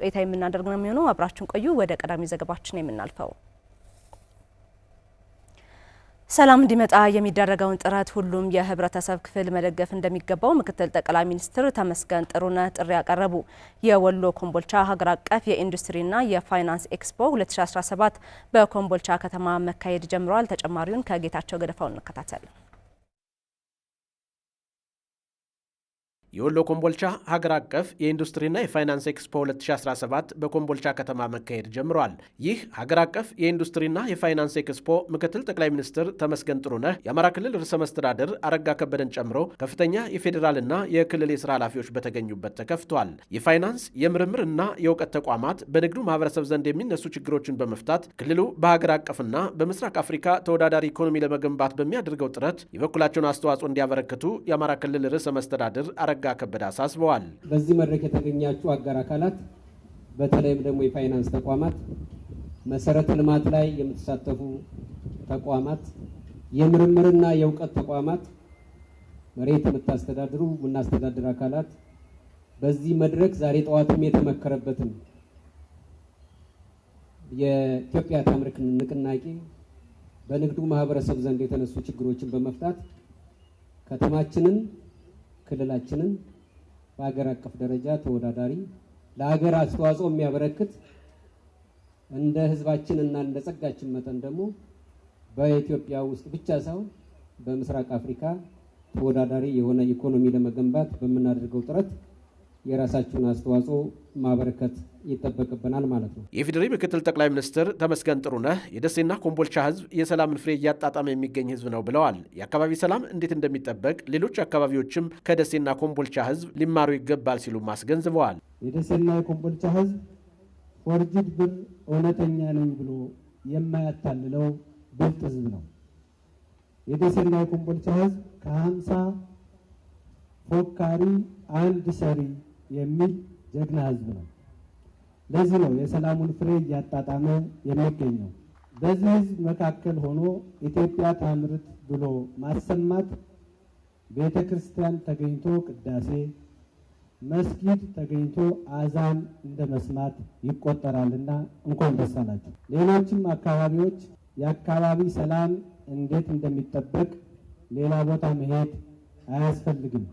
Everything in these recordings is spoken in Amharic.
ቆይታ የምናደርግ ነው የሚሆነው። አብራችን ቆዩ። ወደ ቀዳሚ ዘገባችን የምናልፈው ሰላም እንዲመጣ የሚደረገውን ጥረት ሁሉም የህብረተሰብ ክፍል መደገፍ እንደሚገባው ምክትል ጠቅላይ ሚኒስትር ተመስገን ጥሩነህ ጥሪ ያቀረቡ። የወሎ ኮምቦልቻ ሀገር አቀፍ የኢንዱስትሪና የፋይናንስ ኤክስፖ 2017 በኮምቦልቻ ከተማ መካሄድ ጀምረዋል። ተጨማሪውን ከጌታቸው ገደፋው እንከታተል። የወሎ ኮምቦልቻ ሀገር አቀፍ የኢንዱስትሪና የፋይናንስ ኤክስፖ 2017 በኮምቦልቻ ከተማ መካሄድ ጀምሯል። ይህ ሀገር አቀፍ የኢንዱስትሪና የፋይናንስ ኤክስፖ ምክትል ጠቅላይ ሚኒስትር ተመስገን ጥሩነህ፣ የአማራ ክልል ርዕሰ መስተዳድር አረጋ ከበደን ጨምሮ ከፍተኛ የፌዴራልና የክልል የስራ ኃላፊዎች በተገኙበት ተከፍቷል። የፋይናንስ እና የእውቀት ተቋማት በንግዱ ማህበረሰብ ዘንድ የሚነሱ ችግሮችን በመፍታት ክልሉ በሀገር አቀፍና በምስራቅ አፍሪካ ተወዳዳሪ ኢኮኖሚ ለመገንባት በሚያደርገው ጥረት የበኩላቸውን አስተዋጽኦ እንዲያበረክቱ የአማራ ክልል ርዕሰ መስተዳድር አረጋ ነጋ ከበደ አሳስበዋል። በዚህ መድረክ የተገኛችሁ አጋር አካላት፣ በተለይም ደግሞ የፋይናንስ ተቋማት፣ መሰረተ ልማት ላይ የምትሳተፉ ተቋማት፣ የምርምርና የእውቀት ተቋማት፣ መሬት የምታስተዳድሩ የምናስተዳድር አካላት በዚህ መድረክ ዛሬ ጠዋትም የተመከረበትን የኢትዮጵያ ታምርክ ንቅናቄ በንግዱ ማህበረሰብ ዘንድ የተነሱ ችግሮችን በመፍታት ከተማችንን ክልላችንን በሀገር አቀፍ ደረጃ ተወዳዳሪ ለሀገር አስተዋጽኦ የሚያበረክት እንደ ህዝባችን እና እንደ ጸጋችን መጠን ደግሞ በኢትዮጵያ ውስጥ ብቻ ሳይሆን በምስራቅ አፍሪካ ተወዳዳሪ የሆነ ኢኮኖሚ ለመገንባት በምናደርገው ጥረት የራሳችሁን አስተዋጽኦ ማበረከት ይጠበቅብናል ማለት ነው። የኢፌዴሪ ምክትል ጠቅላይ ሚኒስትር ተመስገን ጥሩነህ የደሴና ኮምቦልቻ ህዝብ የሰላምን ፍሬ እያጣጣመ የሚገኝ ህዝብ ነው ብለዋል። የአካባቢ ሰላም እንዴት እንደሚጠበቅ ሌሎች አካባቢዎችም ከደሴና ኮምቦልቻ ህዝብ ሊማሩ ይገባል ሲሉም አስገንዝበዋል። የደሴና የኮምቦልቻ ህዝብ ፎርጅድ ብር እውነተኛ ነኝ ብሎ የማያታልለው ብልጥ ህዝብ ነው። የደሴና የኮምቦልቻ ህዝብ ከሀምሳ ፎካሪ አንድ ሰሪ የሚል ጀግና ህዝብ ነው። ለዚህ ነው የሰላሙን ፍሬ እያጣጣመ የሚገኘው። በዚህ ህዝብ መካከል ሆኖ ኢትዮጵያ ታምርት ብሎ ማሰማት ቤተ ክርስቲያን ተገኝቶ ቅዳሴ፣ መስጊድ ተገኝቶ አዛን እንደ መስማት ይቆጠራልና እንኳን ደስ አላችሁ። ሌሎችም አካባቢዎች የአካባቢ ሰላም እንዴት እንደሚጠበቅ ሌላ ቦታ መሄድ አያስፈልግም።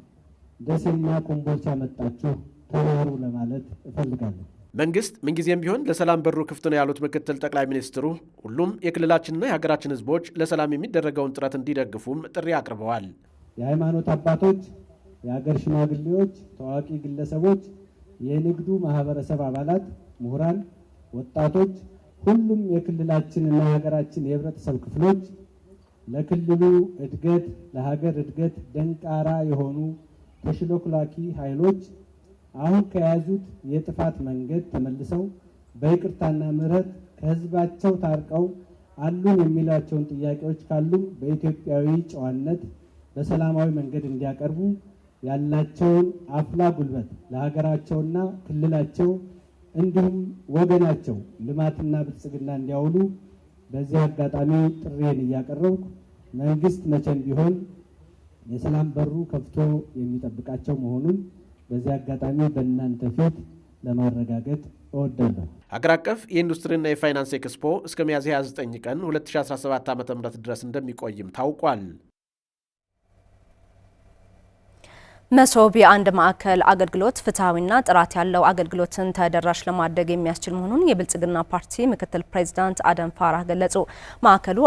ደሴና ኮምቦልቻ መጣችሁ ተወሩ ለማለት እፈልጋለሁ። መንግስት ምንጊዜም ቢሆን ለሰላም በሩ ክፍት ነው ያሉት ምክትል ጠቅላይ ሚኒስትሩ ሁሉም የክልላችንና የሀገራችን ህዝቦች ለሰላም የሚደረገውን ጥረት እንዲደግፉም ጥሪ አቅርበዋል። የሃይማኖት አባቶች፣ የሀገር ሽማግሌዎች፣ ታዋቂ ግለሰቦች፣ የንግዱ ማህበረሰብ አባላት፣ ምሁራን፣ ወጣቶች፣ ሁሉም የክልላችንና የሀገራችን የህብረተሰብ ክፍሎች ለክልሉ እድገት፣ ለሀገር እድገት ደንቃራ የሆኑ ተሽሎክላኪ ኃይሎች አሁን ከያዙት የጥፋት መንገድ ተመልሰው በይቅርታና ምሕረት ከህዝባቸው ታርቀው አሉን የሚሏቸውን ጥያቄዎች ካሉ በኢትዮጵያዊ ጨዋነት በሰላማዊ መንገድ እንዲያቀርቡ ያላቸውን አፍላ ጉልበት ለሀገራቸውና ክልላቸው እንዲሁም ወገናቸው ልማትና ብልጽግና እንዲያውሉ በዚህ አጋጣሚ ጥሬን እያቀረብኩ መንግስት መቼም ቢሆን የሰላም በሩ ከፍቶ የሚጠብቃቸው መሆኑን በዚህ አጋጣሚ በእናንተ ፊት ለማረጋገጥ እወዳለሁ። ሀገር አቀፍ የኢንዱስትሪና የፋይናንስ ኤክስፖ እስከ ሚያዝያ 29 ቀን 2017 ዓ ም ድረስ እንደሚቆይም ታውቋል። መሶብ የአንድ ማዕከል አገልግሎት ፍትሐዊና ጥራት ያለው አገልግሎትን ተደራሽ ለማድረግ የሚያስችል መሆኑን የብልጽግና ፓርቲ ምክትል ፕሬዚዳንት አደም ፋራህ ገለጹ። ማዕከሉ